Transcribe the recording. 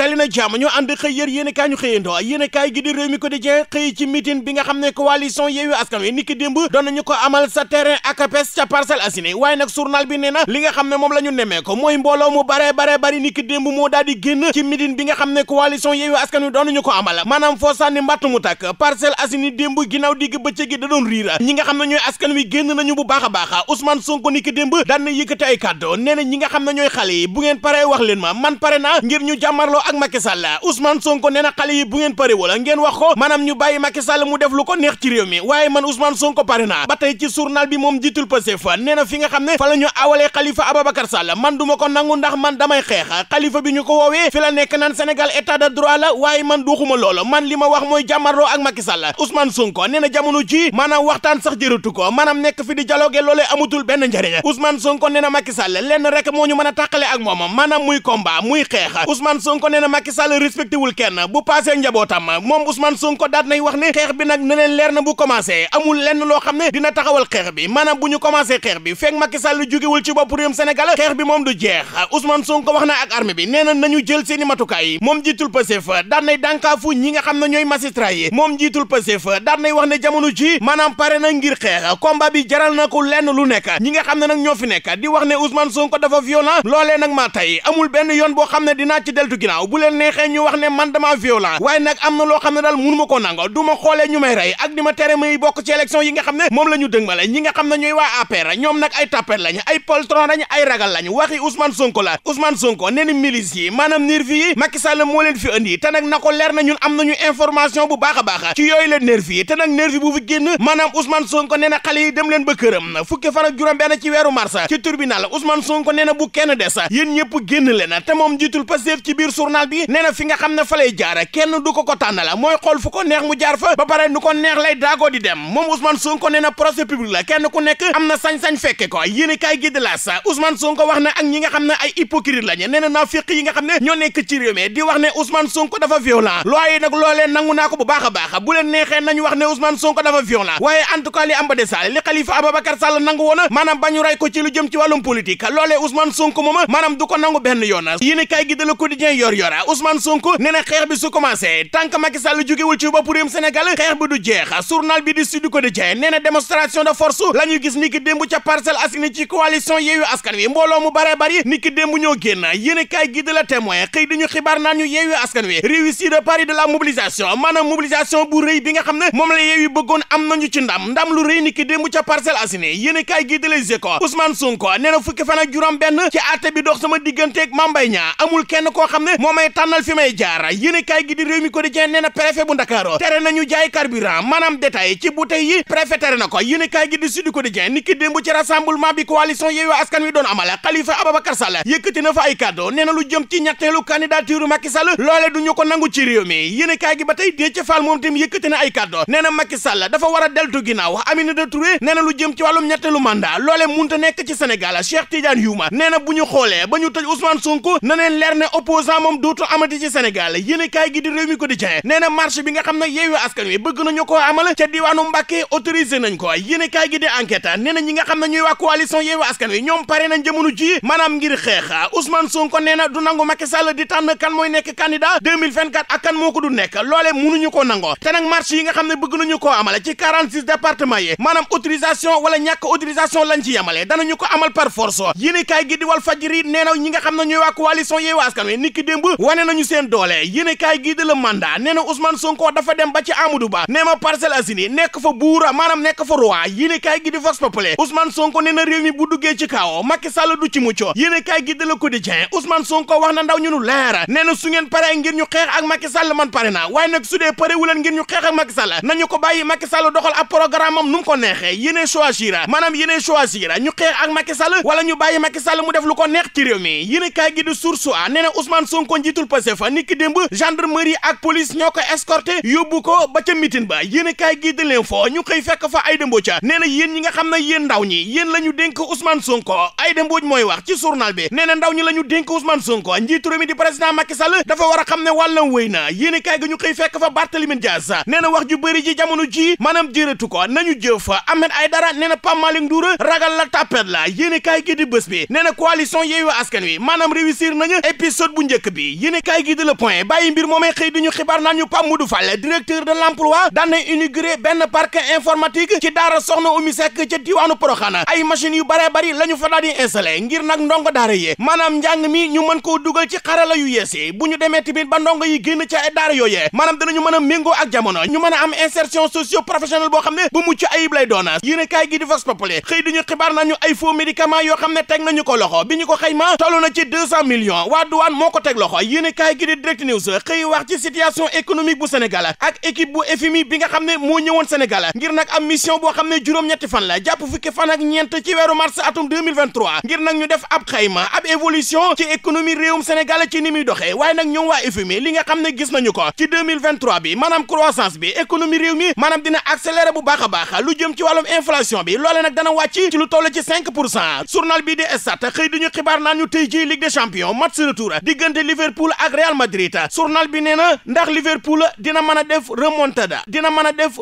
tali na jàmm ñu ànd xëy yër yéen i kaay ñu xëyandoo yéen i kaay gi di réew mi quotidien xëy ci meeting bi nga xam ne coalition Yewwi Askan Wi niki démb moom la ñu nemee ko mooy mbooloo mu bare bare bari moo daal génn ci meeting bi nga xam ne coalition Yewwi Askan Wi doon nañu ko amal maanaam foo sànni mbàtt mu tàkk Parcelles Assainies démb ginnaaw digg bëccëg gi riira ñi nga xam ne ñooy askan wi génn nañu bu baax a baax Ousmane Sonko niki démb daan na yëkkati ay kàddu nee ñi nga xam ne ñooy xale yi bu ak Macky Sall Ousmane Sonko nee na xale yi bu ngeen pare wala ngeen wax ko maanaam ñu bàyyi Macky Sall mu def lu ko neex ci mi waaye man Ousmane Sonko pare naa ba tey ci journal bi moom jiitul Pastef nee na fi xam ne fa ñu awalee Khalifa Ababacar Sall man du ma ko nangu ndax man damay xeex Khalifa bi ñu ko woowee fi la nekk naan Sénégal état de droit waaye man duuxuma loolu man li ma wax mooy jàmmarloo ak Macky Sall Ousmane Sonko nee na jamono ji maanaam waxtaan sax jëratu ko maanaam nekk fi di dialogue loolee amutul benn njëriñ Ousmane Sonko nee na Macky Sall lenn rek moo ñu a tàqale ak moom nee na Macky Sall respecté wul kenn bu paasee njabootam moom Ousmane Sonko daat nay wax ne xeex bi nag ne leer na bu commencé amul lenn loo xam ne dina taxawal xeex bi maanaam bu ñu commencé xeex bi fekk Macky Sall jógewul ci bopp réewum Sénégal xeex bi moom du jeex Ousmane wax na ak armée bi nee na nañu jël seeni matukaay moom jiitul Pastef daat nay dànkaafu nga xam ne ñooy magistrat yi moom jiitul Pastef daat nay wax ne jamono ji maanaam na ngir xeex combat bi jaral na ko lenn lu nekk ñi nga xam ne nag ñoo fi nekk di wax ne Ousmane Sonko dafa violent loole nag maa tey amul benn yoon boo xam ne dinaa ci deltu ginaaw bu leen neexee ñu wax ne man dama violent waaye nag am na loo xam ne daal mënu ma koo nango du ma xoolee ñu may rey ak di ma tere may bokk ci élection yi nga xam ne moom la ñu dëgmale ñi nga xam ne ñooy waa APR ñoom nag ay tapet lañ ay poltron lañ ay ragal lañ waxi Ousmane Sonko la Ousmane Sonko nee na milice yi maanaam nervi yi Macky Sall moo leen fi andi te nag na ko ñun am nañu information bu baax a baax ci yooyu leen nervi yi te n nervi bu fi génn kenn des yéen ñëpp génn leen te moom journal bi nee fi nga xam ne fa lay jaara kenn du ko ko tànnala mooy xool fu ko neex mu jaar fa ba pare nu ko neex lay daagoo di dem moom Ousmane Sonko nee na procès public la kenn ku nek am na sañ-sañ fekke ko yéen i kaay gi de la sa Ousmane Sonko wax na ak ñi nga xam ne ay hypocrite la nee na naafiq yi nga xam ne ñoo nekk ci réew mi di wax ne Ousmane Sonko dafa violent looy nag loolee nangu naa ko bu baax baax bu leen neexee nañu wax ne Ousmane Sonko dafa violent waaye en tout cas li am ba desaale li Khalifa Ababacar ko ci i kaay dara Ousmane Sonko nee na xeex bi su commencé tant que Macky Sall jógewul ci bopp réewum Sénégal xeex bi du jeex journal bi di Sud Quotidien nee na démonstration de force la ñu gis ni ki démb ca Parcelles Assainies ci coalition Yewwi Askan Wi mbooloo mu bare bari ni ki démb ñoo génn yéen kaay gi de la témoin xëy dañu xibaar naan ñu Yewwi Wi réussir de pari de la mobilisation maanaam mobilisation bu rëy bi nga xam ne moom la Yewwi bëggoon am nañu ci ndam ndam lu rëy ni ki ca Parcelles Assainies yéen a kaay gi de Les Échos Ousmane Sonko nee na fukki fan ak juróom benn ci àtte bi dox sama digganteeg Mame kenn koo xam ne moom may tànnal fi may jaar yéenekaay gi di réew mi quotidien nee na préfet bu Ndakaaru tere nañu jaay carburant maanaam détail ci bouteille yi préfet tere na ko yéenekaay gi di Sud Quotidien ni ki démb ci rassemblement bi coalition Yewwi Askan Wi doon amala Khalifa Ababacar Sall yëkkati na fa ay kàddu nee na lu jëm ci ñetteelu candidature Macky loole du ñu ko nangu ci réew mi yéenekaay gi na ay kàddu nee na Macky dafa war a deltu ginnaaw Aminata Touré nee na lu jëm duutu amati ci Sénégal yéen kaay gi di réew mi quotidien nee na marche bi nga xam ne yeewu askan wi bëgg nañu amal ca diwaanu Mbàkke autorisé nañ ko yéen kaay gi di enquête na ñi nga xam ne ñuy waa coalition askan wi ñoom pare nañ jamono ji maanaam ngir xeex Ousmane Sonko nee na du nangu Macky Sall di tànn kan mooy nekk candidat 2024 ak kan moo ko du nekk loole mënuñu ko nango te nag yi nga xam ne bëgg nañu koo amale ci 46 département yi maanaam autorisation wala ñàkk autorisation lañ ci yamale danañu na ñi nga xam ne ñooy wane nañu seen doole yéene kaay gii de la mandat nee na Ousmane Sonko dafa dem ba ci Amadou Ba nee ma nekk fa buur maanaam nekk fa roi yéene kaay gi di Vox Populi Ousmane Sonko nee bu duggee ci du ci mucc yéene kaay gi de la Quotidien wax na ñu nu leer nee na pare ngir ñu xeex ak Macky man pare na waaye nag su pare wuleen ngir ñu xeex ak Macky Sall nañu ko bàyyi Macky Sall doxal ab programme ko neexee yéene njiitul Pastef ni ki démb gendarmerie ak police ñoo ko escorté yóbbu ko ba ca mitin ba yéen kaay gi de l'info ñu koy fekk fa Aïda Mbodj nee na yéen ñi nga xam ne yéen ndaw ñi yéen la ñu dénk Ousmane Sonko Aïda Mbodj mooy wax ci journal bi nee na ndaw ñi la ñu dénk Ousmane Sonko njiitu réew mi di président Macky Sall dafa war a xam ne wàllam wéy na yéen kaay gi ñu koy fekk fa Barthélémy Dias nee na wax ju bëri ji jamono ji maanaam jërëtu ko nañu jëf Ahmed Aïdara nee na Pape Malick Ndour ragal la tapet la yéen kaay gi di nee na coalition Yewwi Askan Wi maanaam réussir nañu épisode bu njëkk bi yéenekaay gi de Le Point bàyyi mbir moomee xëy di ñu xibaar naan ñu Pape Modou Fall directeur de l'emploi daan na inauguré benn parc informatique ci daara soxna Oumy Seck ca diwaanu Porokhane ay machines yu bare bari la ñu fa daal ngir nag ndongo daara yi maanaam njàng mi ñu mën ko dugal ci xarala yu yees yi bu ñu demee tamit ba ndongo yi génn ca daara yooyee maanaam danañu mën a méngoo ak jamono ñu mën a am insertion socio professionnelle boo xam ne bu mucc ayib xëy di ñu xibaar ay faux médicaments yoo xam ne teg nañu ko loxo bi ñu ko xayma toll na ci deux cent millions waa moo ko teg loxo yéene kaay gi di direct news xëy wax ci situation économique bu Sénégal ak équipe bu FMI bi nga xam ne moo ñëwoon Sénégal ngir nag am mission boo xam ne juróom-ñetti fan la jàpp fukki fan ak ñeent ci weeru mars atum 2023 ngir nag ñu def ab xayma ab évolution ci économie réewum Sénégal ci ni muy doxee waaye nag ñoom waa li nga xam ne gis nañu ko ci 2023 bi maanaam croissance bi économie réew mi maanaam dina accélérer bu baax a baax lu jëm ci wàllum inflation bi loole nag dana wàcc ci lu toll ci 5 pour cent journal bii di Stades xëy duñu xibaar naan ñu tey ji Ligue des champions Liverpool ak Real Madrid journal bi nee na ndax Liverpool dina mën a def remontada dina mën def